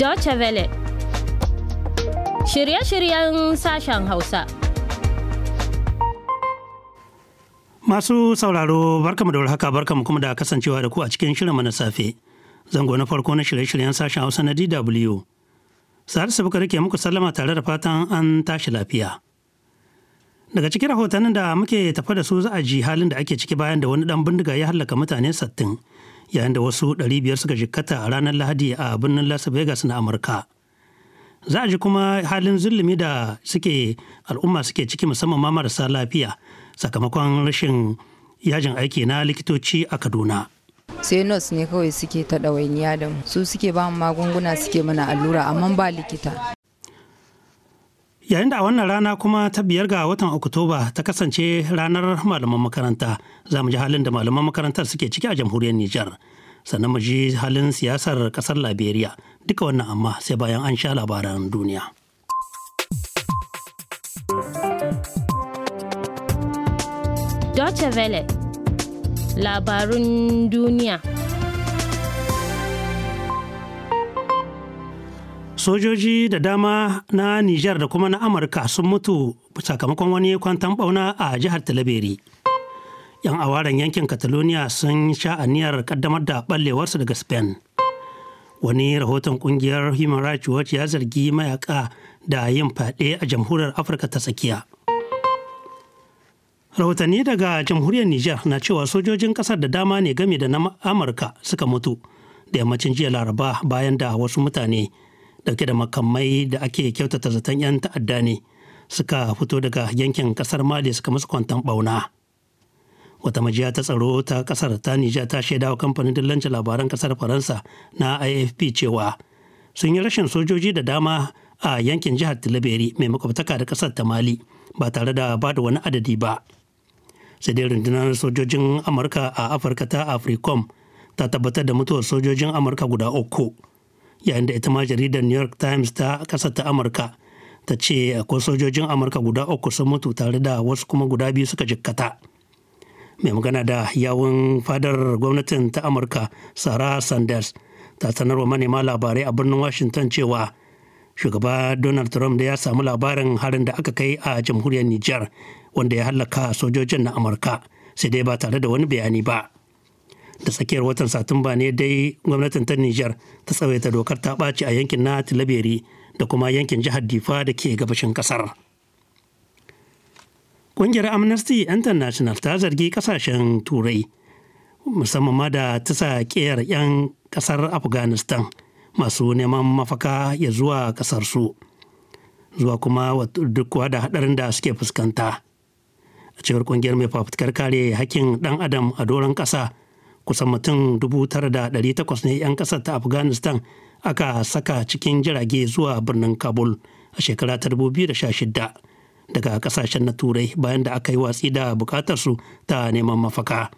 Deutsche Welle Shirye-shiryen sashen Hausa Masu sauraro barkamu da barka barkamu kuma da kasancewa da ku a cikin shirinmu na safe. Zango na farko na shirye-shiryen sashen Hausa na DW. Salisu Bukari rike muku sallama tare da fatan an tashi lafiya. Daga cikin rahotannin da muke tafa da su za a ji halin da ake ciki bayan da wani dan bindiga ya hallaka mutane sattin yayin da wasu 500 suka jikkata a ranar lahadi a birnin las vegas na amurka za a ji kuma halin zulumi da suke al'umma suke ciki musamman ma marasa lafiya sakamakon rashin yajin aiki na likitoci a kaduna sai nurse ne kawai suke ta ɗawainiya da mu su suke ba magunguna suke mana allura amma ba likita Yayin da a wannan rana kuma ta biyar ga watan Oktoba ta kasance ranar malaman makaranta, za mu ji halin da malaman makarantar suke ciki a jamhuriyar Nijar. Sannan mu ji halin siyasar kasar Liberia, duka wannan amma sai bayan an sha labaran duniya. Deutsche Welle, labarun duniya. sojoji da dama na Nijar da kuma na Amurka sun mutu sakamakon wani kwantan bauna a jihar Talaberi. 'Yan awaren yankin Catalonia sun sha aniyar kaddamar da ɓallewarsu daga Spain. Wani rahoton kungiyar Human Rights Watch ya zargi mayaka da yin fyaɗe a jamhuriyar Afirka ta tsakiya. Rahotanni daga jamhuriyar Nijar na cewa sojojin ƙasar da dama ne game da na Amurka suka mutu da yammacin jiya Laraba bayan da wasu mutane dauke da makamai da ake kyautata zaton 'yan ta'adda ne suka fito daga yankin kasar mali suka musu kwantan bauna wata majiya ta tsaro ta kasar ta nijar ta shaidawa kamfanin dillancin labaran kasar faransa na afp cewa sun yi rashin sojoji da dama a yankin jihar tilaberi mai makwabtaka da kasar ta mali ba tare da ba da wani adadi ba sai dai rundunar sojojin amurka a afirka ta africom ta tabbatar da mutuwar sojojin amurka guda uku yayin da ita ma jaridar new york times ta kasa ta amurka ta ce akwai sojojin amurka guda uku sun mutu tare da wasu kuma guda biyu suka jikkata mai magana da yawun fadar gwamnatin ta amurka sarah sanders ta sanarwa manema labarai a birnin washington cewa shugaba donald trump da ya samu labarin harin da aka kai a jamhuriyar niger wanda ya hallaka sojojin na amurka sai dai ba tare da wani bayani ba da tsakiyar watan satumba ne dai gwamnatin ta nijar ta tsawaita dokar ta ɓaci a yankin na tilaberi da kuma yankin jihar difa da ke gabashin ƙasar ƙungiyar amnesty international ta zargi ƙasashen turai musamman ma da ta sa ƙiyar 'yan ƙasar afghanistan masu neman mafaka ya zuwa ƙasar su, zuwa kuma duk da haɗarin da suke fuskanta a cewar ƙungiyar mai fafutukar kare hakkin ɗan adam a doron ƙasa kusan mutum 9,800 ne 'yan kasar ta afghanistan aka saka cikin jirage zuwa birnin kabul a shekara ta 2016 daga kasashen na turai bayan da aka yi watsi da bukatarsu ta neman mafaka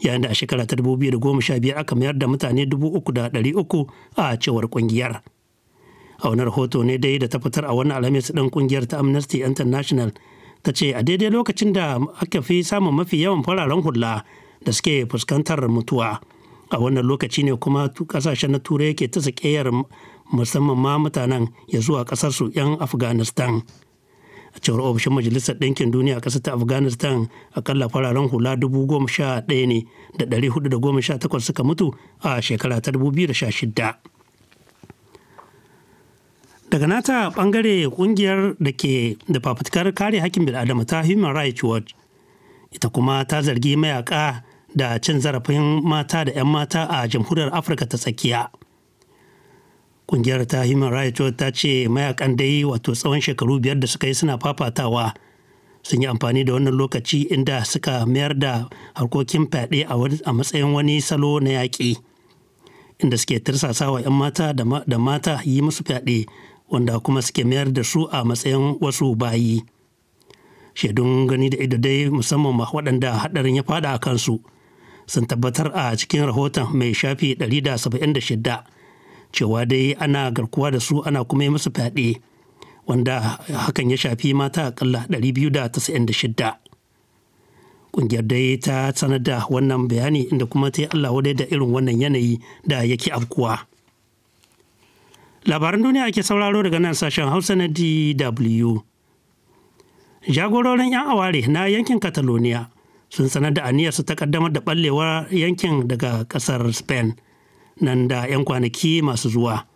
yayin da a shekara ta 2015 aka mayar da mutane 3,300 a cewar kungiyar a wani rahoto ne dai da ta fitar a wani alhamis ɗin kungiyar ta amnesty international ta ce a daidai lokacin da aka fi samun mafi yawan fararen hula da suke fuskantar mutuwa a wannan lokaci ne kuma kasashen na turai yake ta sakeyar musamman ma mutanen ya zuwa kasarsu 'yan afghanistan a cewar ofishin majalisar ɗinkin duniya a ta afghanistan akalla fararen hula dubu goma sha ɗaya ne da ɗari hudu da goma sha takwas suka mutu a shekara ta dubu biyu da sha shida daga nata bangare kungiyar da ke da fafutukar kare hakkin bil'adama ta human rights watch ita kuma ta zargi mayaka da cin zarafin mata da 'yan mata a jamhuriyar afirka ta tsakiya kungiyar ta human rights watch ta ce mayakan dai wato tsawon shekaru biyar da suka yi suna fafatawa sun yi amfani da wannan lokaci inda suka mayar da harkokin fyaɗe a matsayin wani salo na yaƙi inda suke tirsasawa 'yan mata da mata yi musu fyaɗe wanda kuma suke mayar da su a matsayin wasu bayi shaidun gani da ido dai musamman ma waɗanda haɗarin ya faɗa a kansu sun tabbatar a cikin rahoton mai shafi 176 cewa dai ana garkuwa da su ana kuma yi musu fyaɗe wanda hakan ya shafi mata akalla 296 ƙungiyar dai ta sanar da wannan bayani inda kuma ta yi allah wadai da irin wannan yanayi da yake afkuwa labaran duniya ake sauraro daga nan sashen hausa na dw jagororin 'yan aware na yankin catalonia sun sanar da aniyarsu ta kaddamar da ɓallewar yankin daga ƙasar spain nan da 'yan kwanaki masu zuwa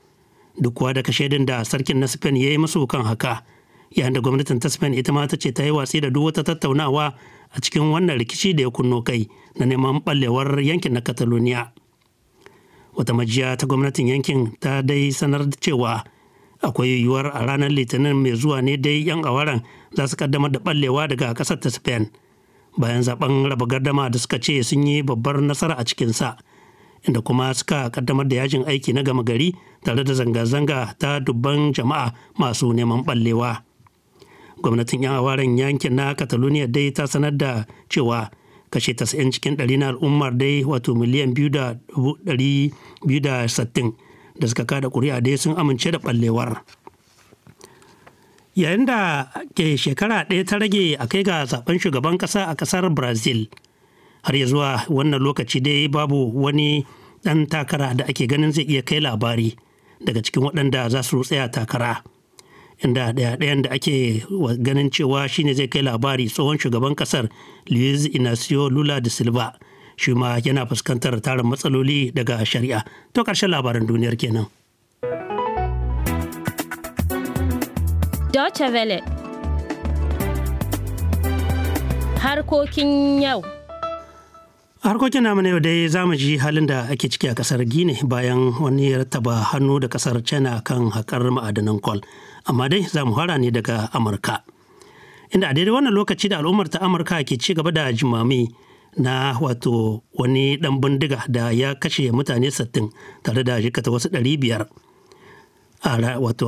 duk kuwa da shaidin da sarkin na spain ya yi musu kan haka yayin da gwamnatin ta spain ita ma ta ce ta yi watsi da duk wata tattaunawa a cikin wannan rikici da ya kunno kai na neman ballewar yankin na catalonia wata majiya ta gwamnatin yankin ta dai sanar da cewa akwai yiwuwar a ranar litinin mai zuwa ne dai yan awaran za su kaddamar da ballewa daga kasar ta spain bayan zaben raba gardama da suka ce sun yi babbar nasara a cikinsa inda kuma suka kaddamar da yajin aiki na gama gari tare da zanga-zanga ta dubban jama'a masu neman ballewa gwamnatin 'yan awaren yankin na catalonia dai ta sanar da cewa kashe 90 cikin 100 na al'ummar dai wato miliyan 2.60 da suka kada kuri'a dai sun amince da ɓallewar. yayin da ke shekara ɗaya ta rage a kai ga zaben shugaban ƙasa a ƙasar brazil har ya zuwa wannan lokaci dai babu wani ɗan takara da ake ganin zai iya kai labari daga cikin waɗanda za su tsaya takara inda ɗaya-ɗayan da ake ganin cewa shine zai kai labari tsohon shugaban ƙasar luis inacio lula da silva shi ma yana fuskantar tarin matsaloli daga shari'a to ƙarshen labarin duniyar kenan. Deutsche Welle Harkokin yau harkokin namu na yau dai za mu ji halin da ake ciki a kasar gini bayan wani rattaba hannu da kasar china kan haƙar ma'adanan kwal amma dai za mu fara ne daga amurka inda a daidai wannan lokaci da al'ummar ta amurka ke ci gaba da jimami na wato wani ɗan bindiga da ya kashe mutane 60 tare da jikata wasu ɗari biyar. a wato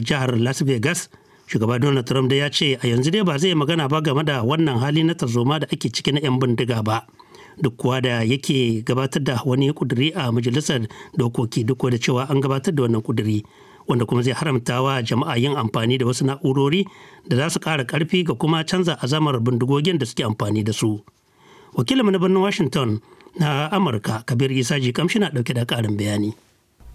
jihar las vegas shugaba donald trump da ya ce a yanzu dai ba zai magana ba game da wannan hali na tarzoma da ake ciki na 'yan bindiga ba duk kuwa da yake gabatar da wani kuduri a majalisar dokoki duk da cewa an gabatar da wannan kuduri wanda kuma zai haramta wa jama'a yin amfani da wasu na'urori da za su ƙara ƙarfi ga kuma canza azamar bindigogin da suke amfani da su wakilin na birnin washington na amurka kabir isa ji kamshi na ɗauke da karin bayani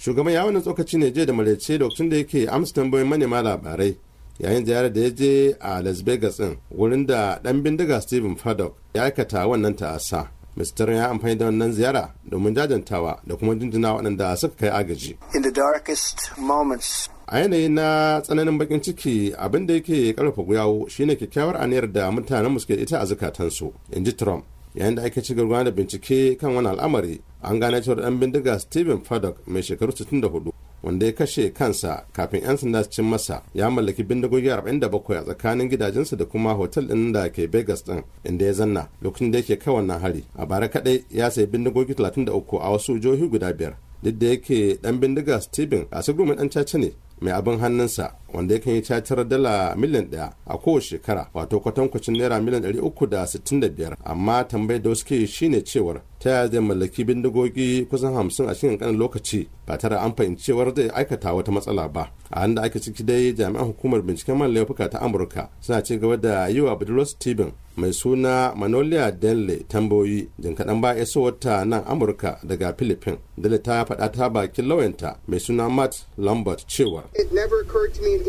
shugaban ya wannan tsokaci ne je da malece lokacin da yake amsa tambayoyin manema labarai yayin ziyarar da ya je a las vegas din wurin da dan bindiga stephen paddock ya aikata wannan ta'asa Mr. ya amfani da wannan ziyara domin jajantawa da kuma jinjina waɗanda suka kai agaji. In the darkest moments a yanayi na tsananin bakin ciki abin da yake karfafa gwiwa shine kyakkyawar aniyar da mutanen suke ita a zukatansu in ji trump yayin da ake ci gaba da bincike kan wani al'amari an gane cewar dan bindiga steven paddock mai shekaru 64 wanda ya kashe kansa kafin 'yan sanda su cin masa ya mallaki bindigogi 47 a tsakanin gidajensa da kuma hotel din da ke Vegas din inda ya zanna lokacin da yake kai wannan hari a bara kadai ya sayi bindigogi 33 a wasu jihohi guda biyar duk da yake dan bindiga Steven a sigurumin dan caca ne mai abin hannunsa wanda yakan yi cacar dala miliyan ɗaya a kowace shekara wato kwatankwacin naira miliyan ɗari uku da sittin da biyar amma tambayar da wasu ke shine cewar ta yaya zai mallaki bindigogi kusan hamsin a cikin kanin lokaci ba tare an fahimcewar zai aikata wata matsala ba a da ake ciki dai jami'an hukumar binciken man laifuka ta amurka suna ci gaba da yi wa budurwar steven mai suna manolia denle tambayoyi jin kaɗan ba iso wata nan amurka daga philippines dole ta faɗa ta bakin lauyanta mai suna matt lambert cewa it never occurred to me in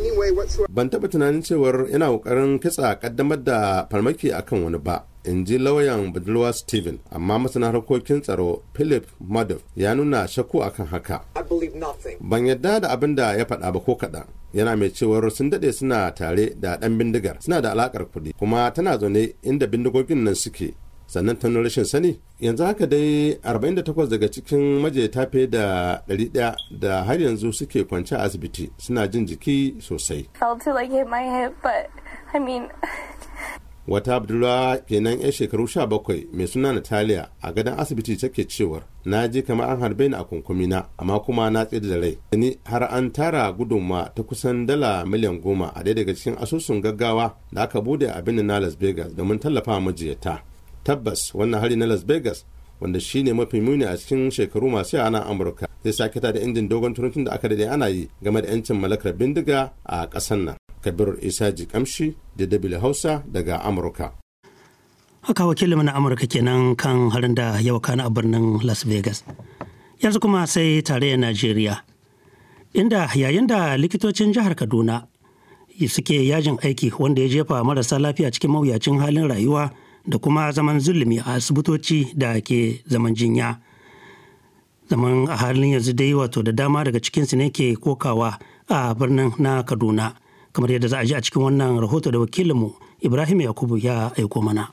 Ban taɓa tunanin cewar yana kokarin kitsa ƙaddamar da farmaki akan wani ba. in ji lauyan budurwa steven amma masana harkokin tsaro philip madoff ya nuna shakku akan haka ban yadda da abin da ya faɗa ba ko kaɗan yana mai cewar sun daɗe suna tare da ɗan bindigar suna da alaƙar kuɗi kuma tana zaune inda bindigogin nan suke sannan ta rashin sani yanzu haka dai 48 daga cikin majiyata fiye da 100 da har yanzu suke kwance a asibiti suna jin jiki sosai wata abdullah kenan 'yan shekaru 17 mai suna natalia a gadon asibiti take cewar na ji kamar an harbe ni a kunkumina amma kuma na tsiri da rai ni har an tara gudunma ta kusan dala miliyan goma a daya daga cikin asusun gaggawa da aka bude a birnin na las vegas domin tallafa majiyata tabbas wannan hari na las vegas wanda ne mafi muni a cikin shekaru masu yana amurka zai sake da injin dogon turuntun da aka daidai ana yi game da yancin mallakar bindiga a ƙasar nan kabir isa ji kamshi da dabil hausa daga amurka haka wakilin na amurka kenan kan harin da yau kana a birnin las vegas yanzu kuma sai da najeriya inda yayin da likitocin jihar kaduna suke yajin aiki wanda ya jefa marasa lafiya cikin mawuyacin halin rayuwa da kuma zaman zulumi a asibitoci da ke zaman jinya zaman a halin yanzu dai wato da dama daga cikinsu ne ke kokawa a birnin na kaduna kamar yadda za a ji a cikin wannan rahoto da wakilinmu ibrahim yakubu ya aiko mana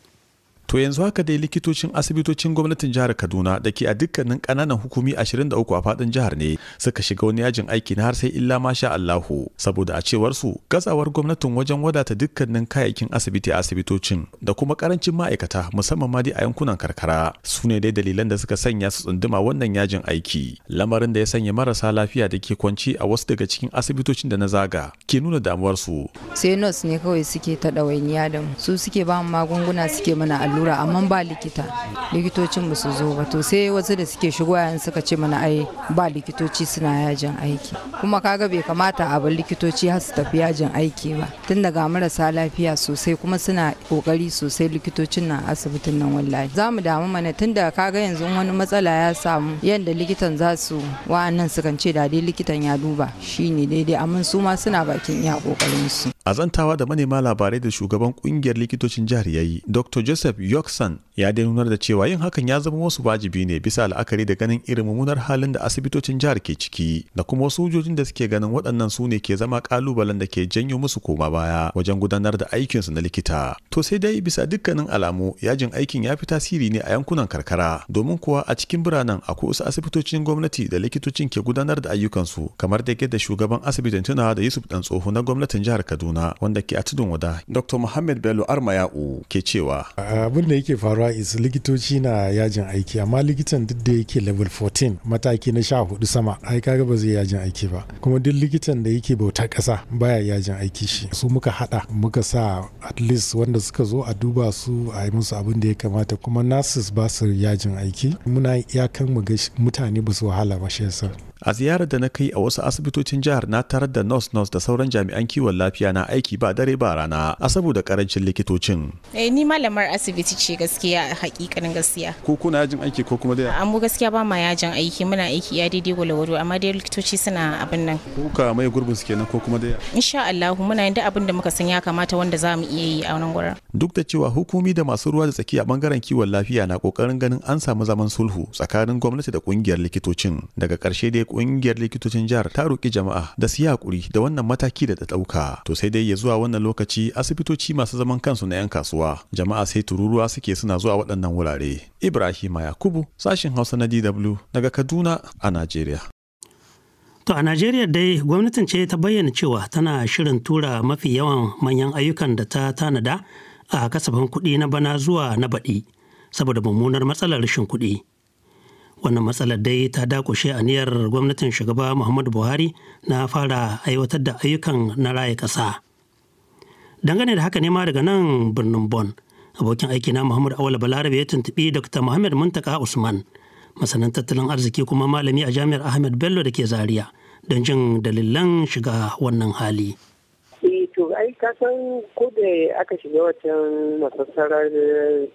To yanzu haka dai likitocin asibitocin gwamnatin jihar Kaduna da ke a dukkanin kananan hukumi 23 a fadin jihar ne suka shiga wani yajin aiki na har sai illa masha Allahu saboda a cewar su gazawar gwamnatin wajen wadata dukkanin kayayyakin asibiti a asibitocin da kuma karancin ma'aikata musamman ma dai a yankunan karkara su ne dai dalilan da suka sanya su tsunduma wannan yajin aiki lamarin da ya sanya marasa lafiya da ke kwanci a wasu daga cikin asibitocin da na zaga ke nuna damuwar su sai nurse ne kawai suke ta ɗawainiya da su suke ba magunguna suke mana allo allura amma ba likita likitocin ba su zo ba to sai wasu da suke shigo yayin suka ce mana ai ba likitoci suna yajin aiki kuma kaga bai kamata a bar likitoci har su tafi yajin aiki ba tun daga marasa lafiya sosai kuma suna kokari sosai likitocin nan asibitin nan wallahi za mu damu mana tun da kaga yanzu wani matsala ya samu yadda likitan za su wa'annan sukan ce da dai likitan ya duba shine daidai amma su ma suna bakin iya kokarin su a zantawa da manema labarai da shugaban kungiyar likitocin jihar ya yi, dr joseph yorkson ya dai nunar da cewa yin hakan ya zama wasu wajibi ne bisa la'akari da ganin irin mummunar halin da asibitocin jihar ke ciki da kuma wasu hujjojin da suke ganin waɗannan su ne ke zama kalubalen da ke janyo musu koma baya wajen gudanar da aikinsu na likita to sai dai bisa dukkanin alamu yajin aikin ya fi tasiri ne a yankunan karkara domin kuwa a cikin biranen akwai wasu asibitocin gwamnati da likitocin ke gudanar da ayyukansu kamar da yadda shugaban asibitin tunawa da yusuf dan tsoho na gwamnatin jihar kaduna suna wanda ke a tudun wada dr muhammad bello armayau ke cewa abin da yake faruwa is likitoci na yajin aiki amma likitan duk da yake level 14 mataki na sha hudu sama ai kaga ba zai yajin aiki ba kuma duk likitan da yake bautar kasa baya yajin aiki shi su muka hada muka sa at least wanda suka zo a duba su a yi musu abin da ya kamata kuma nurses ba su yajin aiki muna iyakan mu mutane ba su wahala ba shi yasa a ziyarar da na kai a wasu asibitocin jihar na tarar da nurse nurse da sauran jami'an kiwon lafiya na aiki ba dare ba rana a saboda karancin likitocin eh ni malamar asibiti ce gaskiya hakikanin gaskiya ko kuna yajin aiki ko kuma dai an mu gaskiya ba ma yajin aiki muna aiki ya daidai gwalgwado amma dai likitoci suna abin nan kuka mai gurbin su kenan ko kuma dai insha Allah muna yin duk abin da muka san ya kamata wanda za mu iya yi a wannan gurin duk da cewa hukumi da masu ruwa da tsaki a bangaren kiwon lafiya na kokarin ganin an samu zaman sulhu tsakanin gwamnati da kungiyar likitocin daga karshe dai kungiyar likitocin jihar ta roƙi jama'a da su hakuri da wannan mataki da ta ɗauka to sai dai ya zuwa wannan lokaci asibitoci masu zaman kansu na 'yan kasuwa jama'a sai tururuwa suke suna zuwa waɗannan wurare Ibrahim yakubu sashin hausa na dw daga kaduna a najeriya To a Najeriya dai gwamnatin ce ta bayyana cewa tana shirin tura mafi yawan manyan ayyukan da ta tanada a kasafin kuɗi na bana zuwa na baɗi saboda mummunar matsalar rashin kuɗi. wannan matsalar dai ta dakushe aniyar gwamnatin shugaba muhammadu buhari na fara aiwatar da ayyukan na raya ƙasa dangane da haka ne ma daga nan birnin bon abokin aiki na muhammadu awal balarabe ya tuntuɓi dr muhammad muntaka usman masanin tattalin arziki kuma malami a jami'ar ahmed bello da ke zaria don jin dalilan shiga wannan hali eh, to ai ka ko da aka shiga wancan masassarar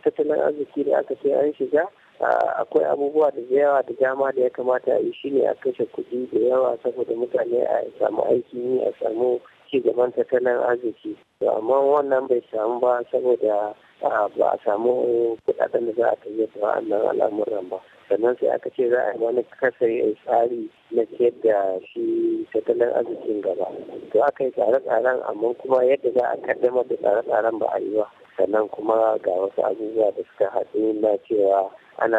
tattalin arziki da aka ce an shiga akwai abubuwa da yawa da dama da ya kamata a yi shi ne a kashe kuɗi da yawa saboda mutane a samu aiki yi a samu ci gaban tattalin arziki to amma wannan bai samu ba saboda ba a samu kuɗaɗen da za a tafi da wa'annan al'amuran ba sannan sai aka ce za a yi wani kasari tsari na ciyar da shi tattalin arzikin gaba to aka yi tsare-tsaren amma kuma yadda za a kaddamar da tsare-tsaren ba a yi ba sannan kuma ga wasu abubuwa da suka haɗu na cewa ana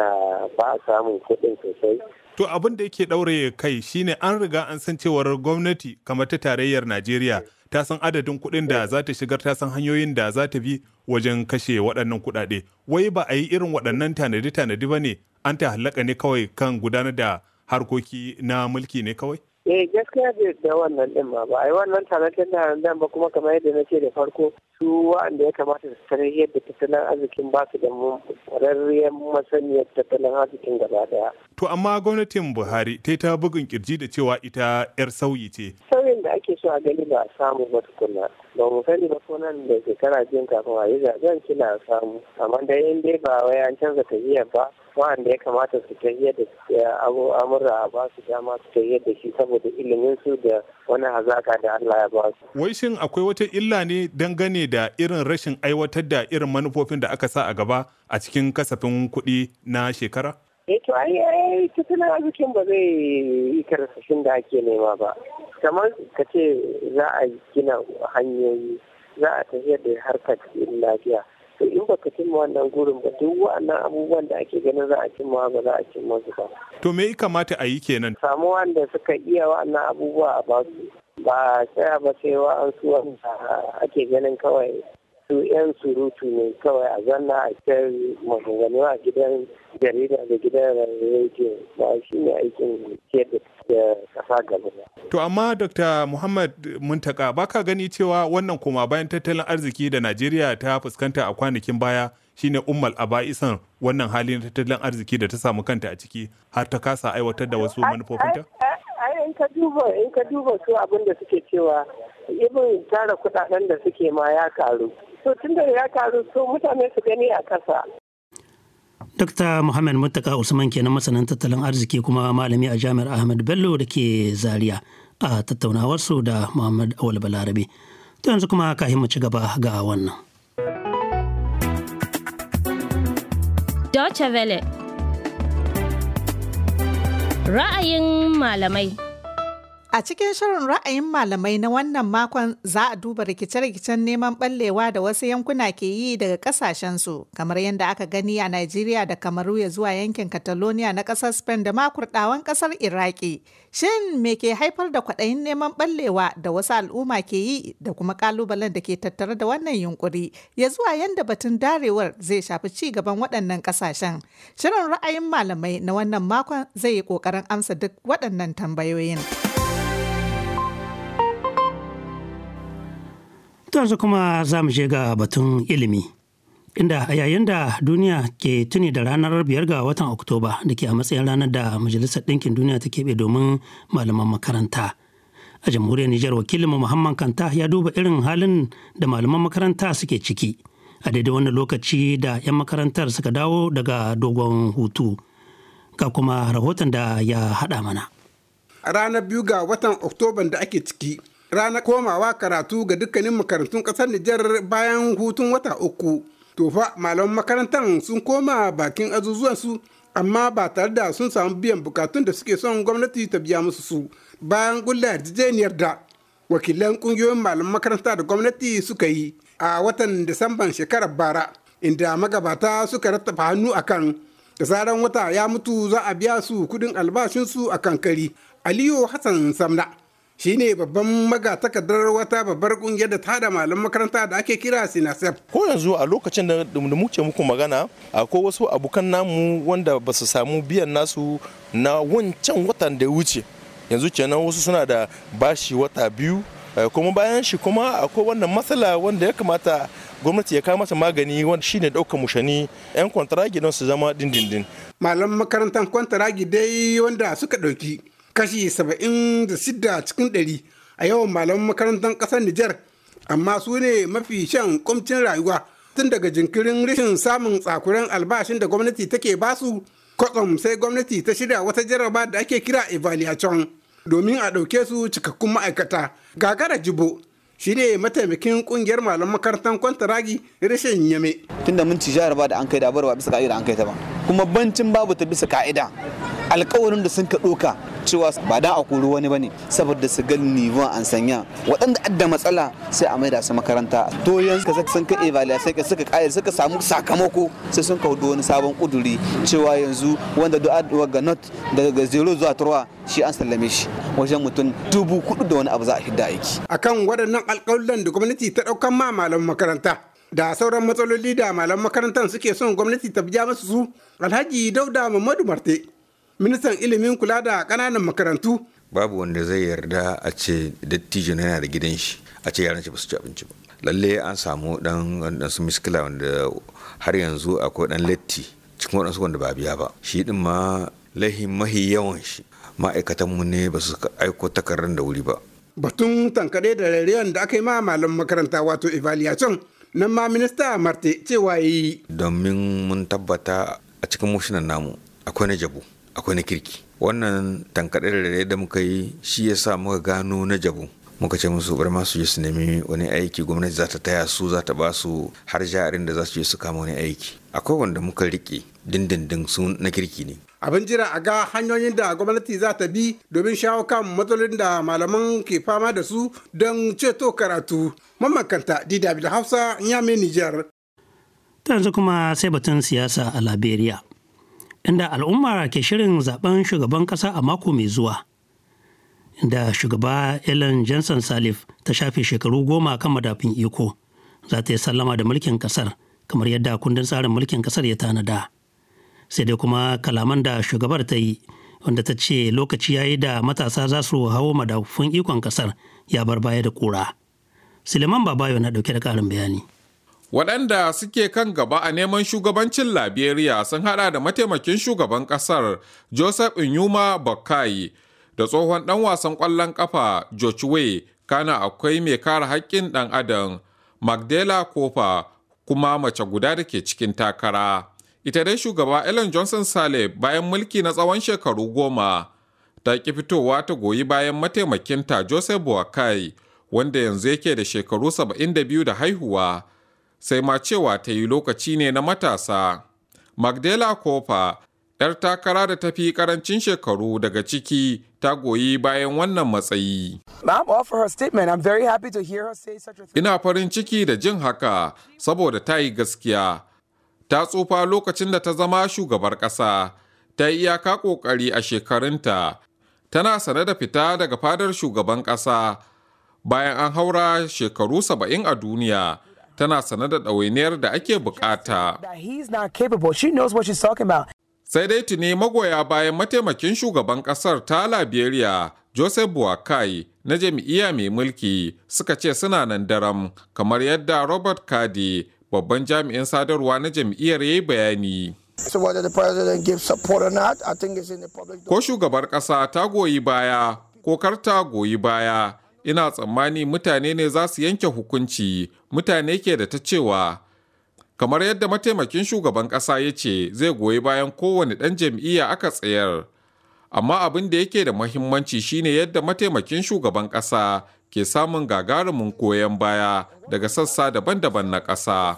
ba samun kuɗin sosai To abin da yake ɗaure kai shine an riga an san cewar gwamnati kamar ta tarayyar Najeriya ta san adadin kuɗin da za ta shigar ta san hanyoyin da za ta bi wajen kashe waɗannan kuɗaɗe. Wai ba a yi irin waɗannan tanadi-tanadi ba ne an ta hallaka ne kawai kan gudanar da harkoki na mulki ne kawai? eh gaskiya bai da wannan din ma ba ai wannan talatin da nan ba kuma kamar yadda na ce da farko su wa'anda ya kamata su sanar yadda tattalin arzikin ba su da ƙwararriyar masaniyar tattalin arzikin gaba daya. To amma gwamnatin Buhari ta ta bugun kirji da cewa ita 'yar sauyi ce. Sauyin da ake so a gani ba a samu ba tukuna. Ba mu sani ba ko nan da shekara biyun kafin a yi zaben kina samu. Amma da yin dai ba wai an canza tafiyar ba wa'anda ya kamata su ta da eh, amurra a ba su dama su ta da shi saboda ilimin su da wani hazaka da Allah ya ba su. Wai shin akwai wata illa ne dangane da irin rashin aiwatar da irin manufofin da aka sa a gaba a cikin kasafin kuɗi na shekara? Eto eh, ai ai tattalin arzikin ba zai yi karfashin da ake nema ba. Kamar ka ce za a gina hanyoyi za a tafiyar da harkar lafiya. to in ka cimma wannan gurin ba duk wa'annan abubuwan da ake ganin za a cimma ba za a cimma su ba to me ya kamata a yi kenan samu wanda suka iya wa'annan abubuwa a basu ba tsaya ba sai wa'ansu wanda ake ganin kawai su 'yan surutu ne kawai a zanna a kyar maganganu a gidan jarida da gidan rediyo ba shi ne aikin ke da kasa gaba To amma Dr. Muhammad Muntaka baka gani cewa wannan kuma bayan tattalin arziki da Najeriya ta fuskanta a kwanakin baya shine ummal aba'isan wannan hali na tattalin arziki da ta samu kanta a ciki har ta kasa aiwatar da wasu manufofinta? in ka duba in ka duba su abin da suke cewa ibin tara kudaden da suke ma ya karu so tun da ya taru so mutane su gani a kasa Dokta Muhammad Muttaka Usman kenan masanin tattalin arziki kuma malami a Jami'ar Ahmed Bello da ke Zaria a tattaunawarsu da Muhammad Awal Balarabe. To yanzu kuma ka mu ci gaba ga wannan. Deutsche Welle Ra'ayin malamai A cikin shirin ra'ayin malamai na wannan makon za a duba rikice-rikicen neman ɓallewa da wasu yankuna ke yi daga ƙasashensu, kamar yadda aka gani a Najeriya da Kamaru ya zuwa yankin Catalonia na ƙasar Spain da makurɗawan ƙasar Iraki. Shin me ke haifar da kwaɗayin neman ɓallewa da wasu al'umma ke yi da kuma ƙalubalen da ke tattare da wannan yunƙuri ya zuwa yadda batun darewar zai shafi ci gaban waɗannan ƙasashen. Shirin ra'ayin malamai na wannan makon zai yi ƙoƙarin amsa duk waɗannan tambayoyin. yanzu kuma za mu ga batun ilimi inda a yayin da duniya ke tuni da ranar biyar ga watan oktoba da ke a matsayin ranar da majalisar ɗinkin duniya ta keɓe domin malaman makaranta a jamhuriyar nijar Wakilin muhammad kanta ya duba irin halin da malaman makaranta suke ciki a daidai wannan lokaci da 'yan makarantar suka dawo daga dogon hutu ga kuma rahoton da ya haɗa mana ranar biyu ga watan oktoban da ake ciki ranar komawa karatu ga dukkanin makarantun ƙasar Nijar bayan hutun wata uku. Tofa malaman makarantar sun koma bakin azuzuwansu amma ba tare da sun samu biyan bukatun da suke son gwamnati ta biya musu su bayan gulla yarjejeniyar da wakilan kungiyoyin malaman makaranta da gwamnati suka yi a watan disamban shekarar bara inda magabata suka rattafa hannu akan da zaran wata ya mutu za a biya su kudin albashinsu a kankari aliyu hassan samna shine babban magatakardar wata babbar kungiyar da ta hada malam makaranta da ake kira sinasef ko yanzu a lokacin da muke muku magana akwai wasu abokan namu wanda ba su samu biyan nasu na wancan watan da ya wuce yanzu kenan wasu suna da bashi wata biyu eh, kuma bayan shi kuma akwai wannan matsala wanda ya kamata gwamnati ya kawo masa magani wanda shine ɗaukar mushani 'yan kwantaragi don su zama dindindin malam makarantar kwantaragi dai wanda suka ɗauki kashi saba'in da sidda cikin ɗari a yawan malaman makarantar ƙasar Nijar amma su ne mafi shan kumcin rayuwa tun daga jinkirin rashin samun tsakuran albashin da gwamnati take basu kwatsam sai gwamnati ta shirya wata jaraba da ake kira evaluation domin a ɗauke su cikakkun ma'aikata gagara jibo shi ne mataimakin kungiyar malam makarantar kwantaragi rashin yame tunda mun ci jaraba da an kai da bisa ka'ida an kai ta ba kuma bancin babu ta bisa ka'ida alkawarin da sun ka ɗoka cewa ba da a kori wani bane saboda su gan nivon an sanya waɗanda adda matsala sai a maida su makaranta to yanzu ka sun ka evaluation ka suka kayar suka samu sakamako sai sun ka wani sabon kuduri cewa yanzu wanda du'a ga not daga 0 zuwa 3 shi an sallame shi wajen mutum dubu kudu da wani abu za a hidda aiki akan waɗannan alƙawalan da gwamnati ta ɗaukan ma malaman makaranta da sauran matsaloli da malaman makarantar suke son gwamnati ta biya masu su alhaji dauda mamadu marte ministan ilimin kula da kananan makarantu babu wanda zai yarda a ce dattijo yana da gidan shi a ce yaran shi ba su ci abinci ba lalle an samu dan dan su miskila wanda har yanzu akwai dan latti cikin waɗansu wanda ba biya ba shi din ma lahin mahi yawan shi ma'aikatanmu ne ba su aiko takardar da wuri ba batun tankare da rariyan da aka yi ma malam makaranta wato evaluation nan ma minista marte cewa yi domin mun tabbata a cikin mushinan namu akwai na jabu akwai na kirki wannan tankaɗe da muka yi shi ya sa muka gano na jabu muka ce musu bari ma yi su nemi wani aiki gwamnati za ta taya su za ta ba su har jarin da za su yi su kama wani aiki akwai wanda muka riƙe dindindin su na kirki ne abin jira a ga hanyoyin da gwamnati za ta bi domin shawo kan matsalolin da malaman ke fama da su don ceto karatu mamakanta dw hausa yame nijar yanzu kuma sai batun siyasa a liberia inda al'umma ke shirin zaben shugaban ƙasa a mako mai zuwa. Da shugaba Ellen Johnson Salif ta shafe shekaru goma kan madafin iko, za ta yi sallama da mulkin ƙasar kamar yadda kundin tsarin mulkin ƙasar ya tanada. Sai dai kuma kalaman da shugabar ta yi wanda ta ce lokaci ya yi da matasa za su hawo madafun ikon ƙasar ya bar baya da kura. Suleiman Babayo na ɗauke da ƙarin bayani. Waɗanda suke kan gaba a neman shugabancin Liberia sun haɗa da mataimakin shugaban ƙasar Joseph Nyuma Bakai da tsohon ɗan wasan ƙwallon ƙafa George Way kana akwai mai kare haƙƙin ɗan adam Magdela Kofa kuma mace guda da ke cikin takara. Ita dai shugaba Ellen Johnson Sale bayan mulki na tsawon shekaru goma ta ki fitowa ta goyi bayan mataimakinta Joseph Boakai wanda yanzu yake da shekaru 72 da haihuwa. sai ma cewa ta yi lokaci ne na matasa. Magdala Kofa, 'yar takara da ta fi karancin shekaru daga ciki ta goyi bayan wannan matsayi. Ina farin ciki da jin haka saboda ta yi gaskiya. Ta tsufa lokacin da ta zama shugabar ƙasa, ta yi iyaka ƙoƙari a shekarunta, tana sane da fita daga fadar shugaban ƙasa bayan an haura shekaru saba'in a duniya. tana sane da ɗawainiyar da ake bukata. Sai dai tuni magoya bayan mataimakin shugaban ƙasar ta Liberia, Joseph Boakai na jam'iyya mai mulki suka ce suna nan daram kamar yadda Robert cardi babban jami'in sadarwa na jam'iyyar ya yi bayani. Ko shugabar ƙasa ta goyi baya ko kar ta goyi baya ina tsammani mutane ne za su yanke hukunci mutane ke da ta cewa kamar yadda mataimakin shugaban ƙasa ya ce zai goyi bayan kowane ɗan jam'iyya aka tsayar amma abin da yake da mahimmanci shine yadda mataimakin shugaban kasa ke samun gagarumin koyon baya daga sassa daban-daban na ƙasa.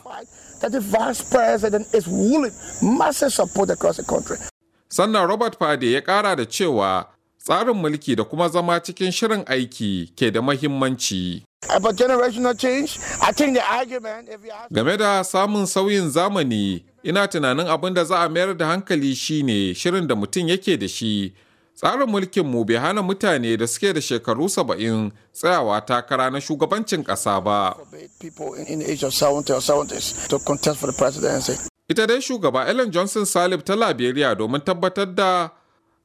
Sannan Robert Fade ya kara da cewa tsarin mulki da kuma zama cikin shirin aiki ke da mahimmanci. Game da samun sauyin zamani, ina tunanin abin da za a mayar da hankali shine shirin da mutum yake da shi. Tsarin mulkinmu bai hana mutane da suke da shekaru saba'in tsayawa takara na shugabancin ƙasa ba. Ita dai shugaba Ellen Johnson Salib ta Liberia domin tabbatar da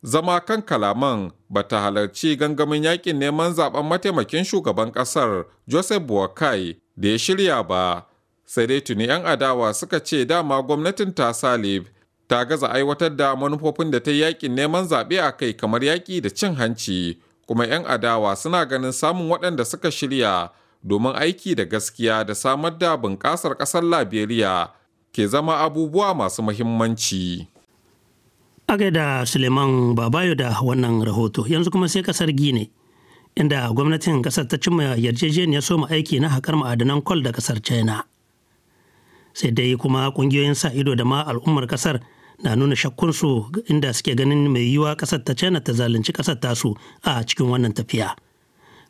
zama kan kalaman ba ta halarci gangamin yakin neman zaben mataimakin shugaban kasar joseph buakai da ya shirya ba sai dai tuni 'yan adawa suka ce dama gwamnatin ta salib ta gaza aiwatar da manufofin da ta yi yakin neman zaɓe a kai kamar yaƙi da cin hanci kuma 'yan adawa suna ganin samun waɗanda suka shirya domin aiki da gaskiya da samar da bunƙasar ƙasar liberia ke zama abubuwa masu muhimmanci. aga da suleiman babayo da wannan rahoto yanzu kuma sai kasar gine inda gwamnatin kasar ta cimma yarjejeniyar soma aiki na haƙar ma'adanan kwal da kasar china sai dai kuma ƙungiyoyin sa ido da ma al'ummar kasar na nuna shakkunsu inda suke ganin mai yiwuwa kasar ta china ta zalunci kasar tasu a cikin wannan tafiya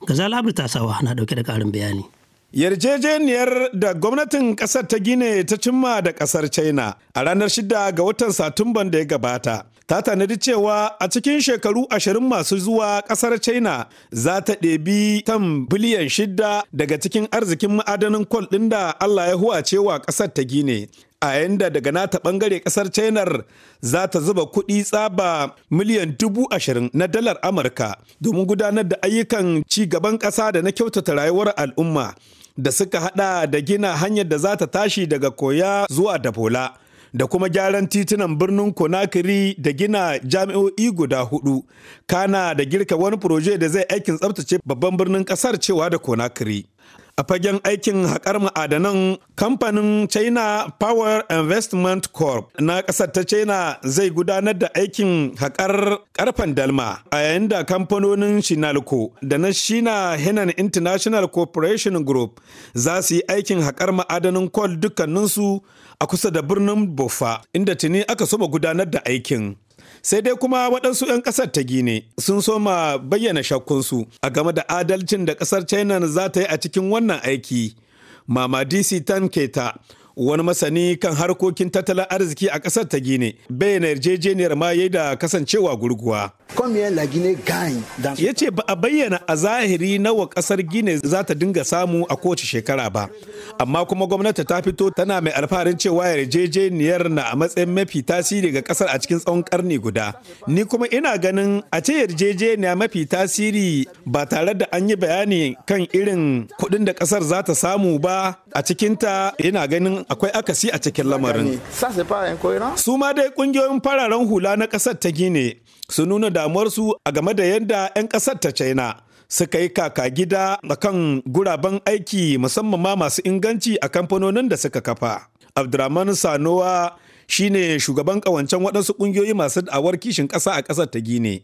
gazal abdu tasawa na ɗauke da ƙarin bayani Yarjejeniyar da gwamnatin ƙasar ta Gine ta cimma da ƙasar China a ranar 6 ga watan Satumban da ya gabata. Ta tanadi cewa a cikin shekaru ashirin masu zuwa ƙasar China za ta ɗebi kan biliyan shida daga cikin arzikin ma'adanin kwal ɗin da Allah ya huwa cewa ƙasar ta Gine. a yanda da daga nata bangare kasar china za ta zuba kuɗi tsaba miliyan dubu ashirin na dalar amurka domin gudanar da ayyukan ci gaban ƙasa da na kyautata rayuwar al'umma da suka hada da gina hanyar da za ta tashi daga koya zuwa da dabola da kuma gyaran titunan birnin konakiri da gina jami'o'i guda hudu kana da girka wani da zai aikin tsabtace babban birnin kasar cewa da konakiri a fagen aikin haƙar ma'adanan kamfanin china power investment corp na ƙasar ta china zai gudanar da aikin haƙar ƙarfen dalma a yayin da kamfanonin shinalco da na shina henan international corporation group za su yi aikin haƙar ma'adanan kwal dukkaninsu a kusa da birnin bofa inda tuni aka soma gudanar da aikin sai dai kuma waɗansu 'yan ƙasar ta gine sun soma bayyana shakkunsu a game da adalcin da ƙasar china za ta yi a cikin wannan aiki mama dc tan keta wani masani kan harkokin tattalin arziki a ƙasar ta gine bayyana yarjejeniyar ma da kasancewa gurguwa ya ce ba a bayyana a zahiri nawa kasar gine za ta dinga samu a kowace shekara ba amma kuma gwamnati ta fito tana mai alfaharin cewa yarjejeniyar na a matsayin mafi tasiri ga kasar a cikin tsawon karni guda ni kuma ina ganin a ce yarjejeniya mafi tasiri ba tare da an yi bayani kan irin kuɗin da kasar za ta samu ba a cikinta ina ganin akwai akasi a cikin lamarin su ma dai kungiyoyin fararen hula na kasar ta gine sun nuna damuwarsu a game da yadda 'yan ƙasar ta china suka yi kaka gida a kan guraben aiki musamman ma masu inganci a kamfanonin da suka kafa abdurrahman sanowa shine shugaban kawancen waɗansu ƙungiyoyi masu da'awar kishin ƙasa a ƙasar ta gine.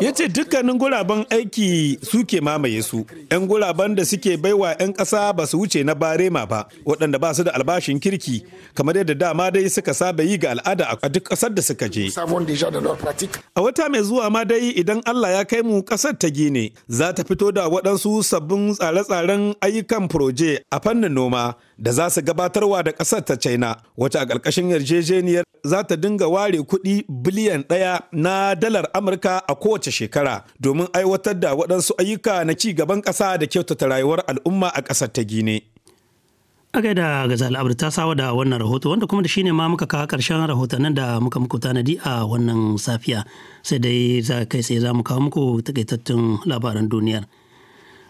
Ya ce dukkanin guraben aiki suke mamaye su, 'yan guraben da suke baiwa 'yan ƙasa ba su wuce na barema ba, waɗanda ba su da albashin kirki, kamar yadda dama dai suka saba yi ga al'ada a duk ƙasar da suka je. A wata mai zuwa ma dai idan Allah ya kai mu ƙasar ta gine, za ta fito da waɗansu sabbin tsare-tsaren ayyukan a fannin noma. da za su gabatarwa da ƙasar ta China wacce a ƙarƙashin yarjejeniyar za ta dinga ware kuɗi biliyan ɗaya na dalar Amurka a kowace shekara domin aiwatar da waɗansu ayyuka na ci gaban ƙasa da kyautata rayuwar al'umma a ƙasar ta Gine. a gaida gaza al'abir ta sawa da wannan rahoto wanda kuma da shi ne ma muka kawo ƙarshen rahotannin da muka muku tanadi a wannan safiya sai dai za kai tsaye za mu kawo muku takaitattun labaran duniyar.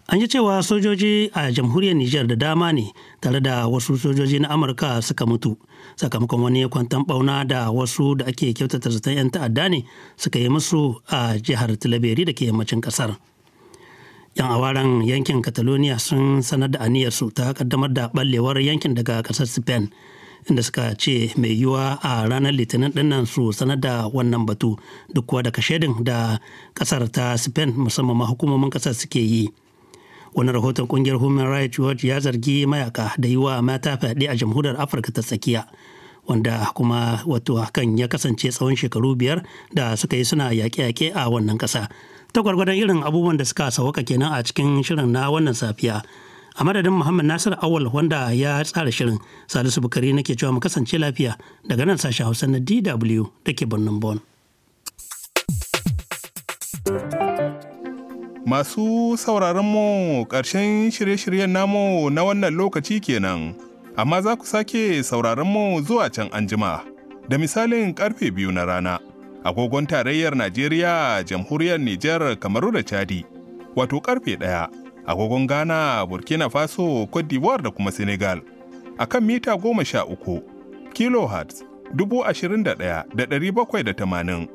an ji cewa sojoji a jamhuriyar Nijar da dama ne tare da wasu sojoji na amurka suka mutu sakamakon wani kwantan bauna da wasu da ake kyautata zaton 'yan ta'adda ne suka yi musu a jihar tilaberi da ke yammacin kasar yan awaren yankin catalonia sun sanar da aniyarsu ta kaddamar da ballewar yankin daga kasar spain inda suka ce mai yiwuwa a ranar litinin dinnan su sanar da wannan batu duk kuwa da kashedin da kasar ta spain musamman ma hukumomin kasar suke yi wani rahoton kungiyar human rights watch ya zargi mayaka da yi wa mata fyaɗe a jamhuriyar afirka ta tsakiya wanda kuma wato hakan ya kasance tsawon shekaru biyar da suka yi suna yaƙe-yaƙe a wannan ƙasa ta gwargwadon irin abubuwan da suka sauka kenan a cikin shirin na wannan safiya a madadin muhammad nasir awal wanda ya tsara shirin salisu bukari nake cewa mu kasance lafiya daga nan sashen hausa na dw da ke birnin bonn Masu sauraron mu ƙarshen shirye-shiryen namu na wannan lokaci kenan, amma za ku sake sauraron mu zuwa can anjima, da misalin ƙarfe biyu na rana, agogon tarayyar Najeriya, jamhuriyar Nijar, Kamaru da Chadi, wato ƙarfe ɗaya, agogon Ghana, Burkina Faso, Cote d'Ivoire da kuma Senegal, Akan mita goma sha uku, kilohertz, dubu ashirin da ɗaya da ɗari bakwai da tamanin,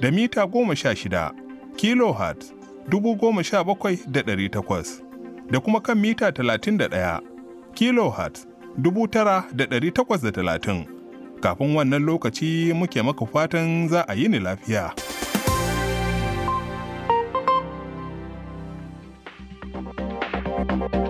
da mita goma sha shida, kilohertz, 17,800 da kuma kan mita 31 kilohertz 9,830 kafin wannan lokaci muke maka fatan za a yi ni lafiya. thank you